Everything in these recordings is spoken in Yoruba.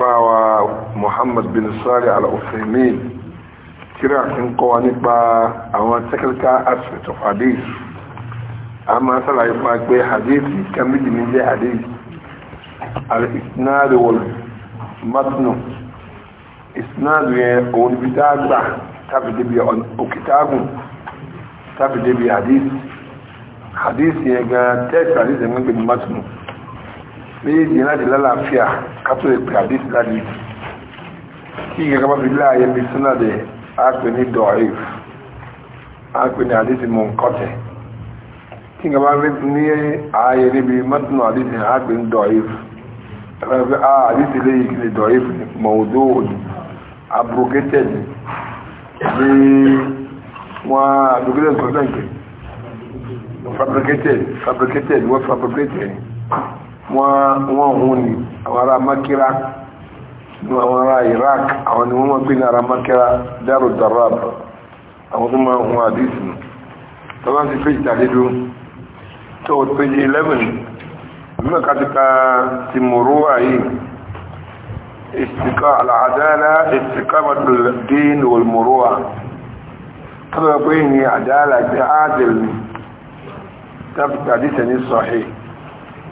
àfáwà Muhammad bin Salih al-Uthaymeen kíra kí ń kọ́ wa nípa àwọn technical aspect of hadith a máa sàlàyé fún wa pé hadith kan méjì ní jẹ́ hadith al-isnad wal matnu isnad yẹn òun ibi tá a gbà tàbí débi òkìtàgùn tàbí débi hadith hadith yẹn gan text hadith yẹn gbẹ̀gbẹ̀ matnu méjì láti lálàáfíà kátó ìpè àdìs lálẹ́ kí ìgbàgbọ́ fi láàyè mi súnà dẹ̀ á pè ní dọ̀ọ́ìf á pè ní àdìs mọ̀ nkọ́tẹ̀ kí ìgbàgbọ́ fi ní ààyè níbi mọ́tún àdìs á pè ní dọ̀ọ́ìf ẹgbẹ́ ah, àdìs léyìí kí ni dọ̀ọ́ìf mọ̀ọ́dọ́ òní abrogated ní wọ́n abrogated kọ́ńtà fabricated fabricated wọ́n fabricated wọ́n hún ní àwọn ará makira àwọn ará iraq àwọn ni wọ́n pín ará makira dárò darab àwọn tó máa hún àdísì tọ́lá ti fèjì tàdédú tó fèjì 11 mẹ́rin kàtíkà ti mọ̀rọ̀wà yìí istika al'adala istikamatul din wal mọ̀rọ̀wà tọ́lá pé ní àdálà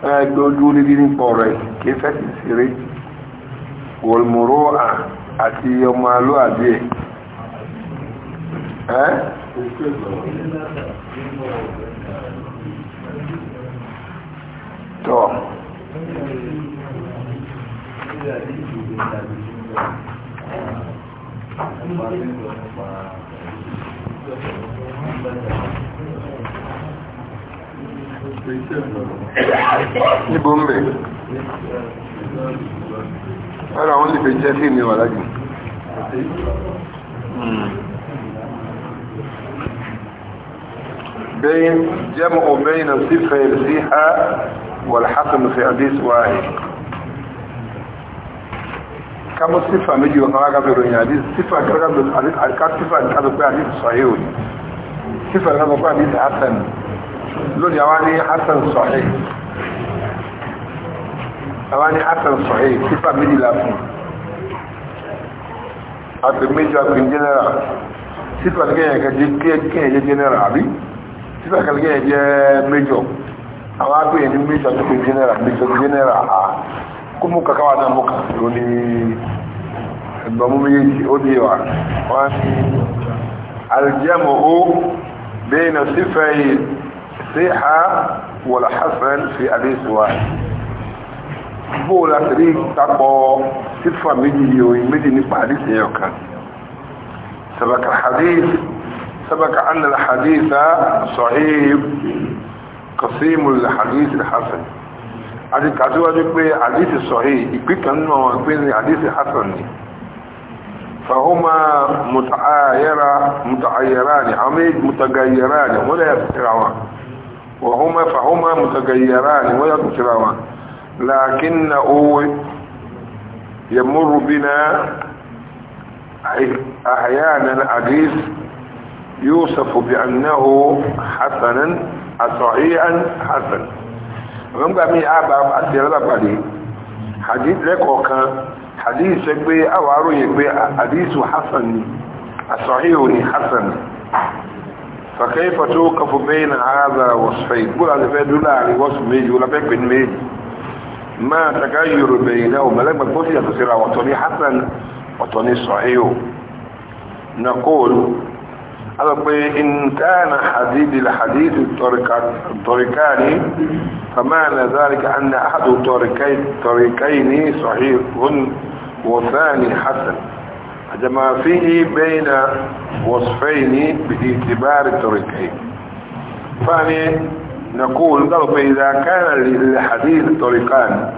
ẹgbẹ́ ojú níbi nípa ọ̀rọ̀ kí fẹ́sì síré wọlmọ̀rọ̀ àti ọmọ aló àbí ẹ̀ tọ́ Thank you níbo ń bẹ̀ ọ̀rọ̀ àwọn olùfẹ́ jẹ́ sí mi wà lájú بين جمع بين صفة الصحة والحكم في حديث واحد kama sifa méjì wọn kama kafe ròyìn àdí sifa kama kafe àdí sifa kama kafe àdí sọ̀híwì sifa kama kafe àdí hasan lónìí àwọn ní hasan sọ̀hẹ́ àwọn ní hasan sọ̀hẹ́ pípà méjìlá fún àti méjìlá fún jẹ́nẹ́rà títà kéèyàn jẹ́ jẹ́nẹ́rà àbí títà kéèyàn jẹ́ méjọ àwọn agbèyàn ní méjìlá tó fún jẹ́nẹ́rà méjọ jẹ́nẹ́rà à kó mú kàkàwà náà mú kà lónìí ẹgbẹ̀mú méjì wà wọ́n bẹ́ẹ̀ na sífẹ́ yìí نصيحة ولا حسن في أليس واحد بو لا تري تابو سيفا ميدي يو ميدي حديث يوكا سبك الحديث سبك أن الحديث صحيح قسيم الحديث الحسن عدي كاتوا جبي حديث صحيح يكبي كنما وكبين حديث حسن فهما متعايرة متعايران عميد متغيران ولا يستقعوان وهما فهما متغيران لكن لكنه يمر بنا أحيانا حديث يوصف بأنه حسنا صحيحا حسنا غنبا مي ابا ادي لبادي حديث لكو كان حديث بي اوارو يبي حديث حسن صحيح حسن فكيف توقف بين هذا وصفين قول هذا فيه دولا على وصف ميجي ولا بيك بين ميجي ما تغير بينهما لما تقول يتصير وطني حسن وطني صحيح نقول إن كان حديد الحديث الطريقان فمعنى ذلك أن أحد الطريقين صحيح والثاني حسن جما فيه بين وصفين باعتبار طريقين فاني نقول قالوا فإذا كان للحديث طريقان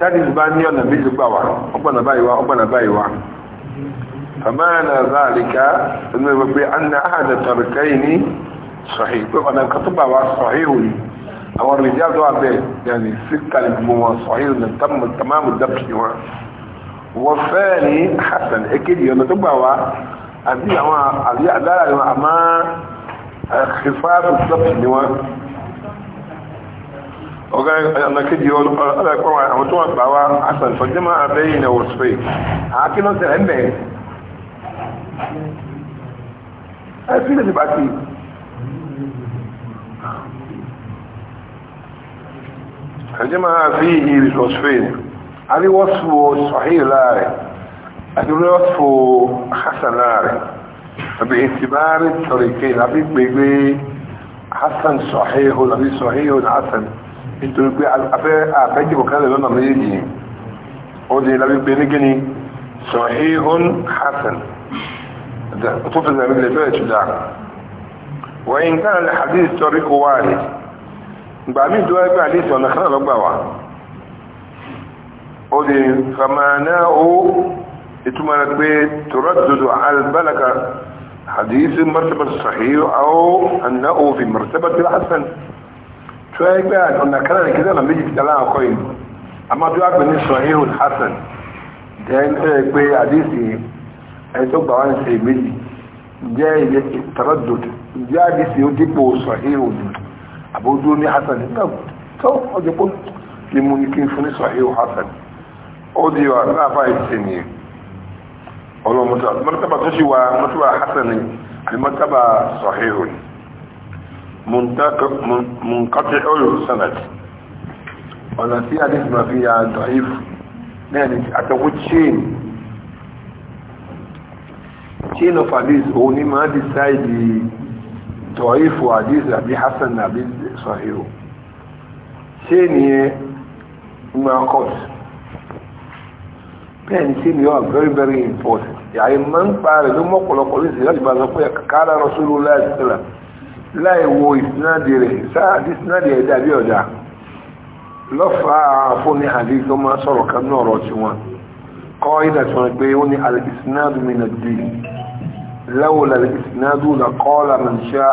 تجد بانيا نبيز باوا أبنا بايوا أبنا بايوا فمعنى ذلك بأن أحد الطريقين صحيح أنا كتب صحيح أو الرجال دعا يعني سكة لكم صحيح تم تمام الدبس والثاني حسن اكيد يوم تبعوا àbí àwọn àbí àdára ni wọ́n a máa ṣífàáàtù sọ́pì ni wọ́n ọ̀gá ọ̀nàkejì ọlọ́pàá àwọn tó wọ́n gbà wá asan fọ́jímọ́ abẹ́yìn ní wọ́sùpẹ́ àákínà tẹ̀lẹ̀ ń bẹ̀ ẹ̀fí àbí wọ́sùwò sọ̀hìn láàrẹ̀ àti wọ́sùwò hasan láàrẹ̀ àbí ìtìbárí tọ̀rìkẹ́ àbí gbègbè hasan sọ̀hìn àbí sọ̀hìn hasan nítorí pé àfẹ́jìbò kan lè lọ́nà méjì ó di lábí pé ní gíní sọ̀hìn hasan tó fi zàrí lè fẹ́ ìtúdá wọ́n yín kánà lè hadith odi famana o ìtumọ̀ rẹ̀ pé turaddudu albalaka hadith martaba sahih aw annahu fi martabati alhasan tó yẹ pé ọ̀nà kanáà ní kíkẹ́ ọ̀nà méjì ti dáláà kọ́ yìí àmọ́ tó yàgbé ní sahih alhasan jẹ́ ń tẹ́ pé hadith ẹni tó gbà wá ní sahih méjì jẹ́ ilé taraddudu hadith ó dípò sahih òdì àbójú hasan nígbà tó ọjọ́ pé kí mú ní kí n sahih hasan odi wa sáfà ìsìnì ọlọ́mọta mọ́tàbà tó ṣe wa hasani àti mọ́tàbà a ma fi ya dọ̀íf náà ni àtàkù chain chain of decide dọ̀íf wa hadith hasan àbí sọ̀hírùn chain yẹn ma bẹ́ẹ̀ni ṣe mi wà very very important àyè máa ń pa rẹ̀ ló mọ́pọ̀lọpọ̀ ní ìsìn láti bá sọ pé kàkàrà rọ́ṣúlù láìsílà láì wo ìsinádìí rẹ̀ sáàdì ìsinádìí ẹ̀dá bí ọ̀dà lọ́fà àfọ́ni àdí tó máa sọ̀rọ̀ kan náà rọ̀ tí wọ́n kọ́ ìdà tí wọ́n pé ó ní alìsínádù mi nà dì lẹ́wọ̀n alìsínádù nà kọ́ọ̀lá mà ń ṣá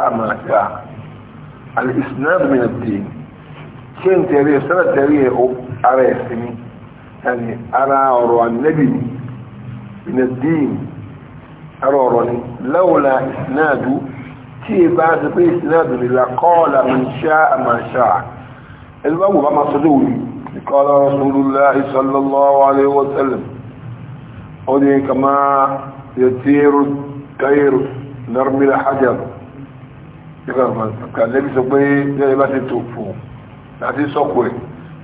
ẹni ara ọ̀rọ̀ ànẹ́bì ní dín ara ọ̀rọ̀ ni lọ́wọ́lá ìsìnáàdú tí è bá ṣe pé ìsìnáàdú ni làkọ́ọ̀lá mọ̀ṣá àmàṣá ẹni bá wò bá máa sọ lóòrì ìkọ́lá rasulullahi sallallahu alaihi wa sallam ó ní kama yẹtíru tayru narmila hajar ìgbà kan lẹ́bi sọ pé yẹ́n bá ti tó fún láti sọ́kù ẹ̀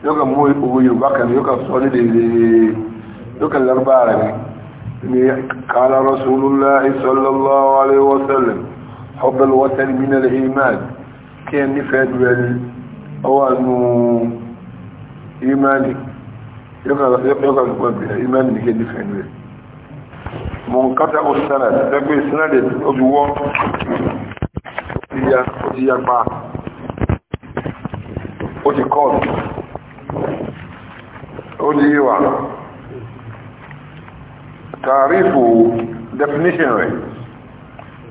yóò kàn mú owó yorùbá kan yóò kàn sọ nílé yóò kàn lárúbá rẹ̀ ni ni kààlà rasulullah sallallahu alaihi wasallam hubbal watan min al-iman kí ẹni fẹ́ dúró ní ọwọ́ àánú imani yóò kàn lọ́pọ̀ imani ní kí ẹni fẹ́ dúró ó ti yapa ó ó di wà tààrífù definition rẹ̀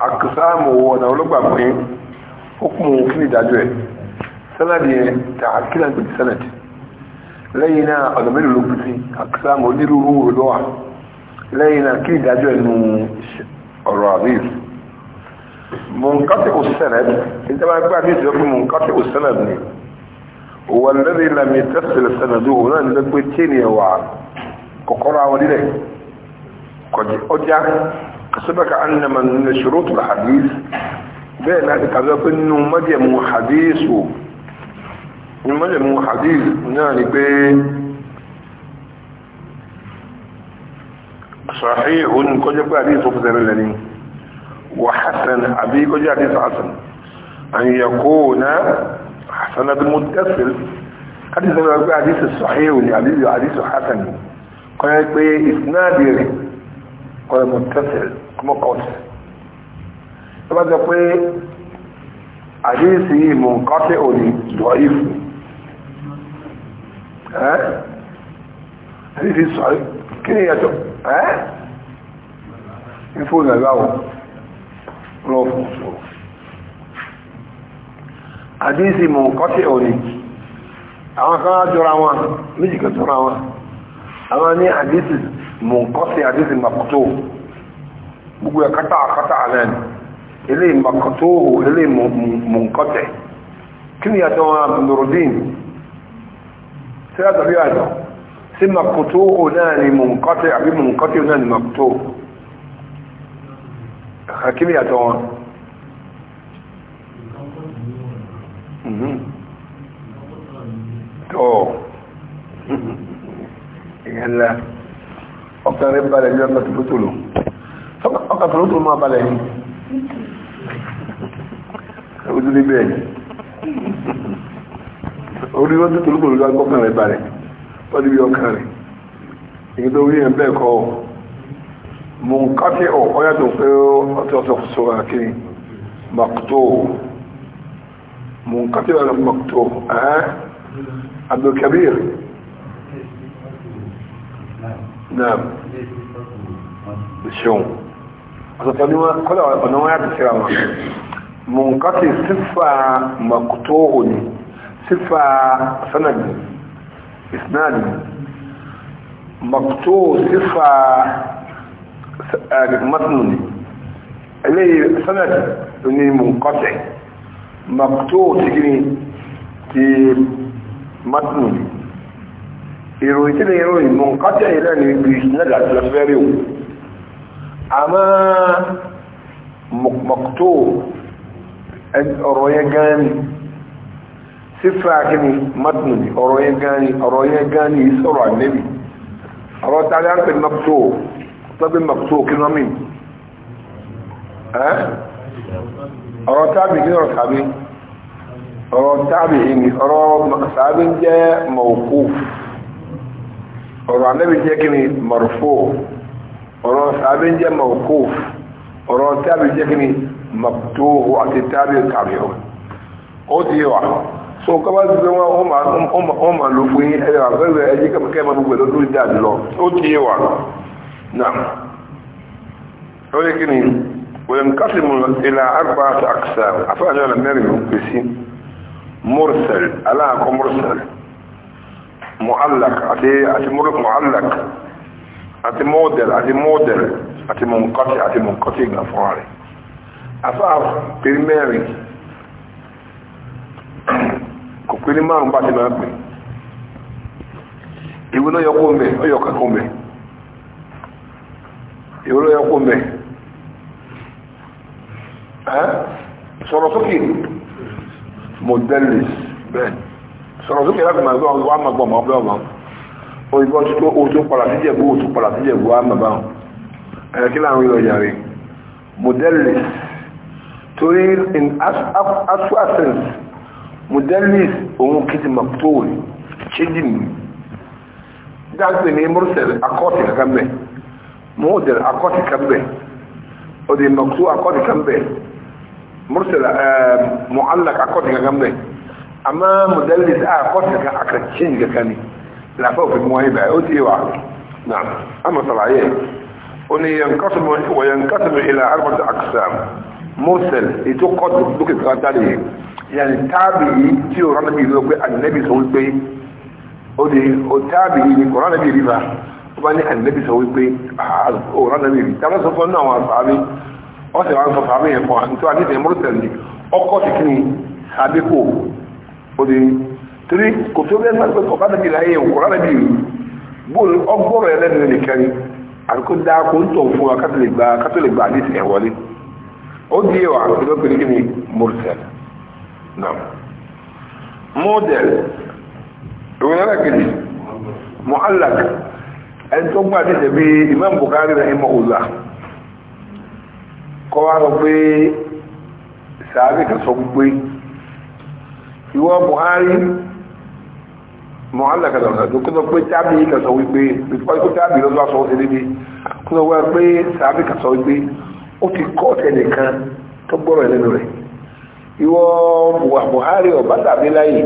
àkùsáàmù ọ̀nà olóògbà pín hukumu fún ìdájọ́ ẹ̀ sẹ́nàdì yẹn tààkílà ń pè sẹ́nàdì lẹ́yìn náà ọ̀nà mélòó ló kú sí àkùsáàmù onírúurú olówà lẹ́yìn náà kí ìdájọ́ ẹ̀ nu ọ̀rọ̀ àríf mọ̀nkátì òsẹ́nàdì ìjọba gbé àdéhùn mọ̀nkátì òsẹ́nàdì ni والذي لم يتصل سنده ولن لقوا تيني وعا كقرا ولله قد أجع كسبك أن من شروط الحديث بين ذلك ذلك أنه مجم حديث مجم حديث يعني بين صحيح كل حديث فزر الذي وحسن أبي كل حديث حسن أن يكون ọ̀nà bí mo tẹ́sí láti sọ wípé àdísù sọ̀híhù ni àdísù àdísù hasan ni kọ́yẹ́ pé ìsináàdì rẹ̀ kọ́yẹ́ mo tẹ́sí kọ́mọ́kọ́sì tó bá sọ pé àdísù yìí mo ń kọ́tẹ́ òní dọ̀ífù ẹ́ àdísù sọ̀hí kí ni ìyàtọ̀ ẹ́ ń fún ìrìnàjò àwọn lọ́wọ́ àdínsì mọ̀ kọ́tí òní àwọn kan jọra wọn méjì kan jọra wọn àwọn ní àdínsì mọ̀ kọ́tí àdínsì mọ̀kútó gbogbo ẹ̀ kátà kátà alẹ́ ilé mọ̀kútó ilé mọ̀ kọ́tẹ̀ kí ni yàtọ̀ wọn nùrùdín sí yàtọ̀ bí yàtọ̀ sí mọ̀kútó náà ni náà ni ọ̀ ìyẹn ńlá ọkàn rẹ̀ balẹ̀ ní ọkà tòlótòló ọkà tòlótòló máa balẹ̀ ní ojú ní bẹ́ẹ̀ orí ló tètè olúkòlù lọ agbọ́kàn rẹ̀ balẹ̀ wọ́n níbi ọkàn rẹ̀ èyí tó rí yẹn bẹ́ẹ̀ kọ́ mò ń káfí ọ̀ ọ́yàtọ̀ pé ọtí ọtí ọkọ̀ sọ̀rọ̀ àkiri màkútó mò ń káfí ọ̀yàtọ̀ màkútó ẹ́ẹ́ عبد الكبير نعم الشوم ọ̀nà wọ́n yàtọ̀ síra wọn mọ̀nkọ́tí sífà makutóhù ni sífà sanadi isnadi makutóhù sífà eh, matnu ni eléyìí sanadi ni mọ̀nkọ́tí makutóhù ti gini ti mọ́tún ìròyìn tí lè ròyìn mọ́ kájẹ́ ilẹ̀ ní ibi ìṣẹ́lẹ̀ àti lọ́fẹ́rẹ́ o àmọ́ mọ̀kútó ọ̀rọ̀ yẹn gan ni sífà kí ni mọ́tún ọ̀rọ̀ yẹn gan ni ọ̀rọ̀ yẹn gan ni sọ̀rọ̀ ànẹ́bì ọ̀rọ̀ tàbí à ń pè mọ́kútó tọ́bí mọ́kútó kí ló ọ̀rọ̀ tàbí kí ló ọ̀rọ̀ tábì ìní ọ̀rọ̀ sàábí jẹ́ mọ̀kú ọ̀rọ̀ anábì jẹ́ kí ni marfu ọ̀rọ̀ sàábí jẹ́ mọ̀kú ọ̀rọ̀ tábì jẹ́ kí ni maktuhu àti tábì tàbí ọ̀ ó ti wà so kọ́bá ti fẹ́ wọn ó mà ló fún yín ẹ̀rọ àfẹ́fẹ́ ẹ̀jẹ̀ kẹ́mọ̀kẹ́ máa gbogbo ẹ̀lọ́dún dà lọ ó ti wà náà ó yẹ kí ni wọ́n kásìmù ìlà àgbà àti àkàṣà àfẹ́ àjọ mẹ́rin ló pèsè mursal aláàkọ́ mursal mu'allak àti àti mu'allak àti model àti model àti munkọ́tí àti munkọ́tí ìgbà fún rẹ̀ afáà pèrí mẹ́rin kò pé ní márùn bá ti máa pè ìwé náà yọkó mẹ́ ọyọ̀kẹ́kọ́ mọ̀dẹ́lì bẹ́ẹ̀ sọ̀rọ̀ sókè láti máa gbọ́ wá máa gbọ́ ọmọ ọgbẹ́ ọmọ òyìnbó tí ó tó padà sí jẹ̀bú ó tó padà sí jẹ̀bú wá máa bá wọn ẹ̀rẹ́ kí láàrin lọ yàrí mọ̀dẹ́lì torí in actual sense mọ̀dẹ́lì òun kìtì mọ̀tòwì ṣéjì mi dáńpé ní mọ́rùsẹ̀lẹ̀ akọ́ọ̀tì kankan bẹ́ẹ̀ mọ́ọ̀dẹ̀lẹ̀ akọ́ọ̀tì kankan bẹ́ẹ̀ ọ̀dẹ̀ mọ̀tò akọ́ọ̀tì kankan bẹ́ẹ̀ mursala mu'allaq akot ga gambe amma mudallis a akot ga akacin ga kani la fa fi muwayi ba o ti wa na'am amma salaye oni yanqasam wa yanqasam ila arba'ati aqsam mursal ito qad buki qatali yani tabi ti o ran bi lo pe annabi so wi pe o de o tabi ni qur'an bi riba o ba ni annabi so wi pe o ran bi ta so fo na wa sahabi ọ̀sẹ̀ wa ń sọ sàbí yẹn fún wa nítorí àdìsẹ̀ mọ́rọ̀sẹ̀ ní ọkọ̀ sí kí ni sàbí kò torí kò tó bẹ́ẹ̀ gbàgbé ọ̀gá nàbí láyé òkú rárá bí bóòlù ọgbọ́rọ̀ ẹ̀ lẹ́nu kẹrin àbíkó dá ń tọ̀ fún wa kátó ó di ló pè ní ni náà kọ́ wá sọ pé sàábì kan sọ pé ìwọ Buhari mọ̀hálà kan sọ̀rọ̀ tó sọ pé tábì kan sọ wípé bíkọ́ ikú tábì ló bá sọ ó ṣe débi kó sọ wá pé sàábì kan sọ wípé ó ti kọ́ ọ̀tẹ̀ nìkan tó gbọ́rọ̀ lẹ́nu rẹ̀ ìwọ Buhari ọ̀bá tàbí láyè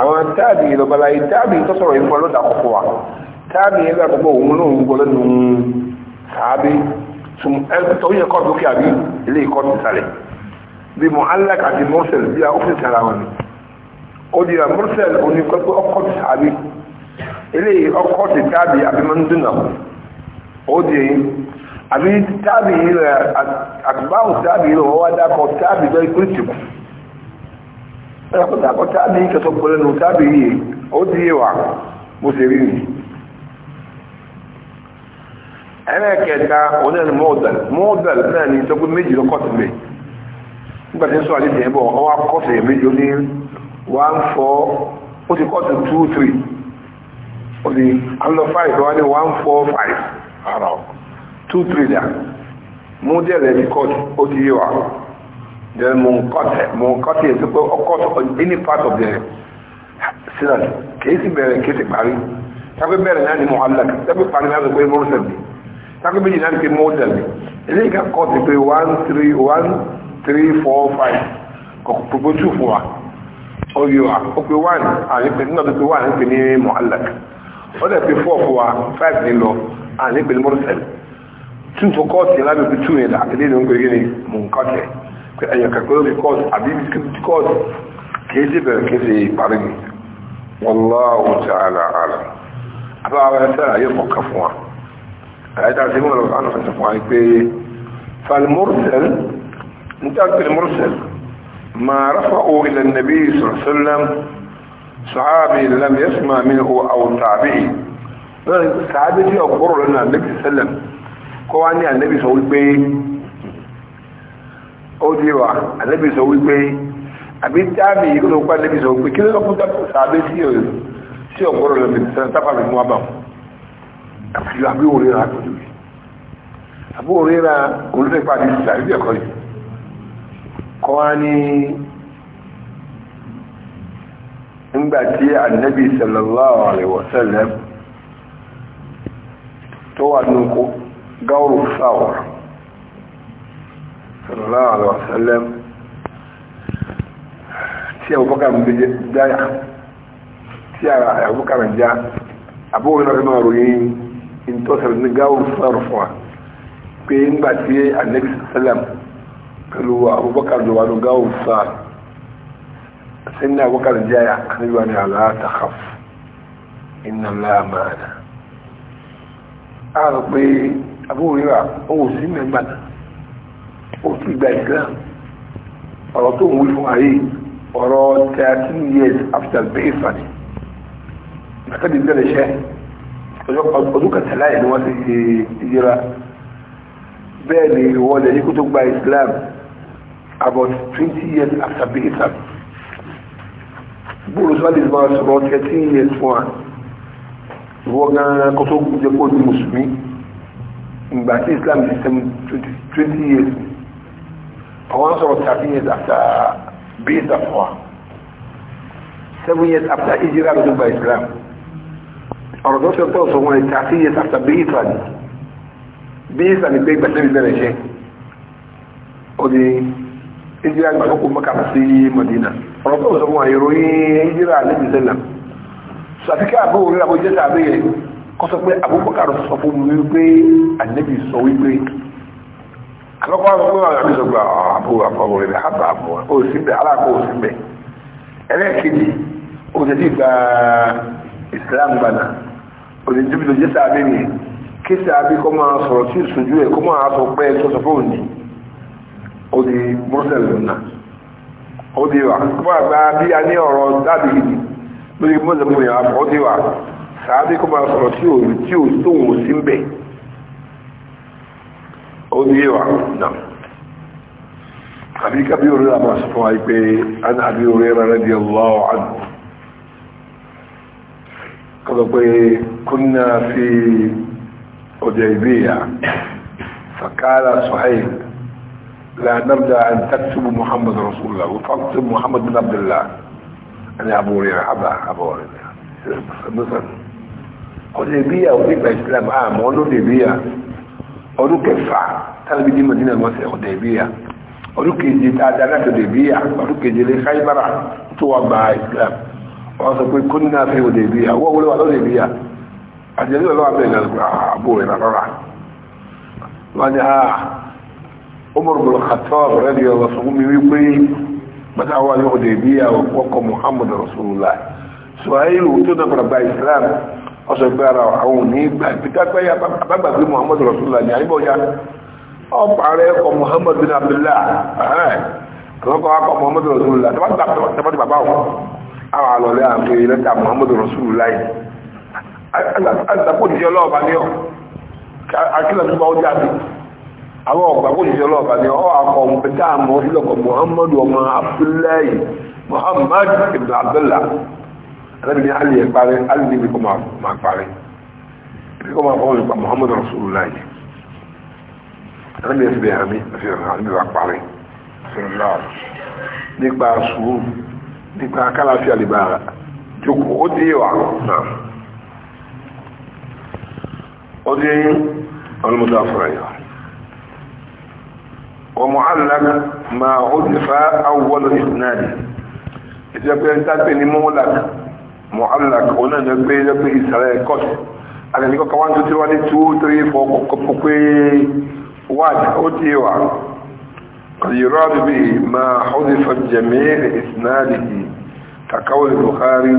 àwọn táàbì ìlọ́ba láyé táàbì tó sọ̀rọ̀ ìfọ́ lọ́dà kọ̀kọ̀ wa táàbì ìlọ́dà òun náà ń gbọ́ lẹ́nu sàábì sùn ẹtọ́wọ́ yẹ kọ́ọ̀tù lókè àbí ilé kọ́ọ̀tù sàlẹ̀ bí mo alákà àti mọ́sẹ̀l bí i ọ́fíìsì ara wọn ni ó di ra mọ́sẹ̀l òní pẹ́pẹ́ ọkọ̀tù sàbí ilé ọkọ̀tù tábì àbí mọ́ndúnà ó di èyí àbí tábì yìí rẹ̀ àtúbáwò tábì yìí rẹ̀ wọ́n wá dákọ̀ tábì bẹ́ẹ̀ kírísìkù ẹ̀rọ tábì yìí kẹsọ̀ gbọ́lẹ́nu tábì yìí ó di yé wa mo sì rí nìyí ẹlẹ́ẹ̀kẹta onílẹ̀ mọ́ọ̀dàl mọ́ọ̀dàl náà ni tó méjì ló kọ́tù mẹ́ nígbà tí ń sọ àdéhùn ẹ̀bọ̀ ọ wá méjì ó ní one four ó ti two three ó ní alọ five wá ní one four five ara two three dà mọ́ọ̀dàl ẹ̀ ti kọ́tù ó ti then mò ń kọ́tù mò ẹ̀ tó pé ọ any part of the sinad kìí sì bẹ̀rẹ̀ kìí sì parí sáko méjì náà ti mú dàbí eléyìí ká kọ́ ti pé one three one three four five kò pòpò tù fún wa oyè wa ó pe one àní pé nínú ọdún pé one ń pè ní muhallak ó dẹ̀ pé four fún wa five ní lọ àní pè ní mọ́tòsẹ̀l tù fún kọ́ọ̀tì lábẹ́ pé tù yẹn dà eléyìí ló ń pè ní mú nkọ́tẹ̀ pé ẹ̀yàn kàkọ́ ló fi kọ́ọ̀tì àbí kọ́ọ̀tì kìí ṣe bẹ̀rẹ̀ kìí ṣe ìparí ni wallahu ta'ala alam àbáwá ẹ̀sẹ̀ àyè kọ̀ọ̀kan fún wa. فالمرسل انتقلت المرسل ما رفعوا الى النبي صلى الله عليه وسلم صحابي لم يسمع منه او تعبيه صحابي دي اقروا لنا النبي صلى الله عليه وسلم قواني عني النبي صلى الله عليه وسلم او ديوا النبي صلى الله عليه وسلم abin ta bi yi kuma kwanne bisa hukuki kila da kuma ta sabi siyo siyo kwaro da bisa àfihàn àbúrò rẹ̀ rà pẹ̀lú yìí àbúrò rẹ̀ rà olùfẹ́ pàdé ìsàrí bí ẹ̀kọ́ yìí kọ́ wá ní ńgbà tí ànábì sallallahu alaihi wasallam tó wà ní kó gáwòrò sáwọ̀ sallallahu alaihi wasallam tí àbúkà ń bí jáyà tí àbúkà ìtọ́sẹ̀rẹ̀ ní gáwùn sọ̀rọ̀ fún wa pé ńgbà tí anabi sallam pẹ̀lú abubakar ló wà ní gáwùn sọ̀rọ̀ sẹ́ni abubakar jáyà anabi wà ní aláàtàkàf iná láàmàna a rò pé abúrò rà ó wò sí mẹ́gbà náà ó sì gba islam ọ̀rọ̀ tó ń wí fún ayé ọ̀rọ̀ 13 years after bẹ́ẹ̀ fani. Àtàbí bẹ̀rẹ̀ ṣẹ́ ọdún kàtàlá ẹ̀ ni wọ́n ti ṣe ìyíra bẹ́ẹ̀ ni wọ́n lè ní tó gba Islam about twenty years after being Islam bóòlù sọ́ọ́lì ìgbà sọ̀rọ̀ thirteen years fún wa wọ́n gan kó tó jẹ́ kó di mùsùlùmí ìgbà tí Islam ti sẹ́mu twenty years àwọn sọ̀rọ̀ thirteen years after being Islam fún seven years after ìjírà tó gba Islam ọ̀rọ̀ tó ṣe tọ́ sọ wọn ìta sí iye tàbí bí ìtà ni bí ìtà ni pé gbẹ̀sẹ̀ ìbẹ̀rẹ̀ ṣe ó di ìjírà ìgbàlókù mọ́kà sí Madina ọ̀rọ̀ tó sọ wọn ìròyìn ìjírà àlejò sẹ́lẹ̀ sàfikẹ́ àbúrò rẹ̀ àbójẹ́ tàbí yẹ kọ́ sọ pé Abubakar sọ fún mi wípé ànẹ́bì sọ wípé alọ́kọ́ àwọn ọmọ àbí sọ pé ah, òní jìbìlì jẹ́ sàbí mi kí sàbí kọ́ máa sọ̀rọ̀ sí ìṣojú ẹ̀ kọ́ máa sọ pé ẹ̀ tó sọ fóun ní ó di brussels wà kọ́ àgbà bí a ní ọ̀rọ̀ dábì yìí lórí mọ́sẹ̀mú yà ó di wà sàbí kọ́ máa sọ̀rọ̀ sí òru tí ò tóun ò sí ń bẹ̀ ó di wà náà àbíkábí orí àmà sọ fún إيه، كنا في حديبية فقال صحيح لا نرجى أن تكتب محمد رسول الله وفكتب محمد بن عبد الله أنا أبو هريرة حبا أبو هريرة مصر حديبية وذكر الإسلام عام وأنه حديبية ọdún kẹfà tàbí mọ̀dínà mọ́sẹ̀ ọ̀dẹ̀bíyà ọdún keje tàbí aláṣẹ̀dẹ̀bíyà ọdún keje lè káìbára tó wà gba islam wọ́n sọ pé kó ní náà fi òde ìbí yà wọ́n wọlé wà lọ́dẹ ìbí yà àjẹbí ọlọ́wà bẹ̀rẹ̀ náà ah, àbò rẹ̀ lọ́rọ̀ wọ́n ní ha ah, Umar bin Khattab radiyallahu anhu mi wípé bàtà wà ara àwọn òní gbà ìpìtàpẹ́ àbágbàgbé Muhammad Rasulullah ní àyíbọ̀já ọ̀pàrẹ ọkọ̀ Muhammad bin Abdullah àwọn ọkọ̀ Muhammad Rasulullah tàbátì bàbá wọn àwọn àlọ́lẹ́ àpè lẹ́tà muhammadu rasulullah àtàkùn ìṣẹ́ ọlọ́ọ̀bá ní ọ̀ akílọ̀ tó bá ó jáde àwọn ọ̀gbàkùn ìṣẹ́ ọlọ́ọ̀bá ní ọ̀ àkọ̀ òǹpẹ̀tà àmọ́ sílọ̀kọ̀ muhammadu ọmọ abdullahi muhammad ibn abdullah alábìní alì ẹ̀ parí alì níbi kọ́ máa parí ibi kọ́ máa fọwọ́ nípa muhammadu rasulullah yìí alábìní ẹ̀ fi bẹ̀rẹ̀ mi àti ìrànlọ́wọ́ nípa sùúrù nípa kálàfíà lè bára jókòó ó dé wà náà ó dé ọlọ́mọdé àfúráyà ọmọ alága ma ó ti fa awọ́lọ́ ìsináàdì ìjẹ́pẹ́ ìtàgbé ní mọ́wọ́lága mọ́ alága ó náà jẹ́pẹ́ ìjẹ́pẹ́ ìsàlẹ̀ kọ́t àgbẹ̀nikọ́ kan wọ́n tó ti wá ní two three four kọ́kọ́ pé wáàdì ó dé wà قد يراد به ما حذف الجميع kàkàwọ́ lè Bukhari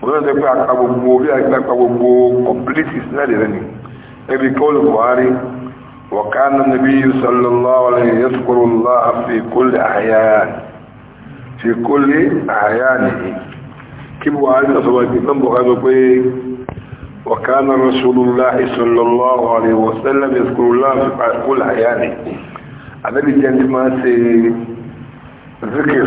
wọ́n náà tẹ́pẹ́ àpá gbogbo bí àgbà àpá gbogbo complete sinadi rẹ̀ ni ẹbí kọ́ọ̀lù Bukhari وكان النبي صلى الله عليه يذكر الله في كل أحيان في كل أحيانه كيف وعلي أصبحت من بغير وكان رسول الله صلى الله عليه وسلم يذكر الله في كل أحيانه النبي جانت ما سي ذكر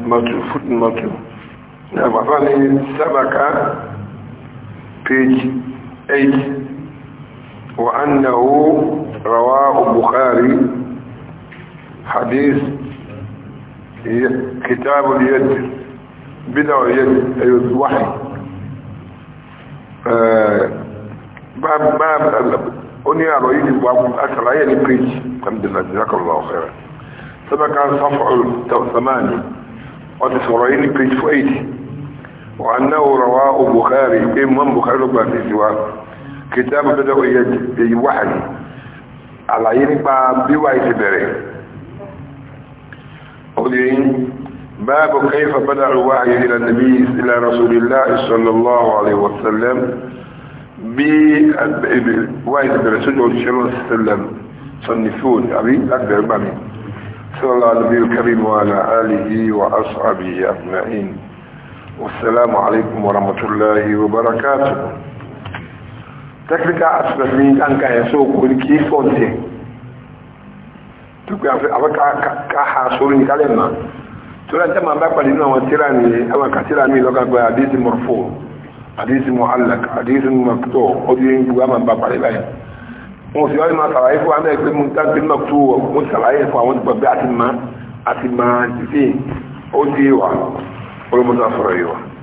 مجفوت مجفوت نعم فاني سبك page 8 وأنه رواه البخاري حديث كتاب اليد بدع اليد أي الوحي آه، باب باب ó ní àrọ̀ yìí wà fún àṣàlàyé ní péjì alhamdulillah jazakallahu khairan sabaka saf'ul thamani wọ́n ti sọ̀rọ̀ yìí ní péjì fún èyí wà náà rọwà Bukhari pé mọ́n Bukhari ló gbà sí ìwà kìtàbù tó dẹ́kọ̀ yẹ wáhàyí àlàyé nípa bí wáyé ti bẹ̀rẹ̀ أولين باب كيف بدأ الوحي إلى النبي إلى رسول الله صلى الله عليه وسلم bí eh, wáyé ti bẹ̀rẹ̀ sójú ọdún ṣẹlẹ̀ sẹlẹm sọnifóòn àbí àgbẹ̀rẹ̀ gbà mí sọ́lá àdúgbò karim wa ala alihi wa ashabi ajma'in wasalaamu alaykum wa rahmatulahi wa barakatuh technical aspect ni an ka yẹn so kò ní kí fọ́ǹtì tukpe afɛ afɛ ka ka ha sori nkalẹ àdíṣì mọ̀hálàk àdíṣì mọ̀kútọ̀ ọdún yẹn gbogbo àmà ń bá parí báyìí wọn sì wáyé máa sàlàyé fún àmì ẹgbẹ́ mọ̀tàǹtì mọ̀kútọ̀ wọn sàlàyé fún àwọn ìgbà bí àti máa àti máa ti fi ó di wà olùmọ̀tà sọ̀rọ̀ yìí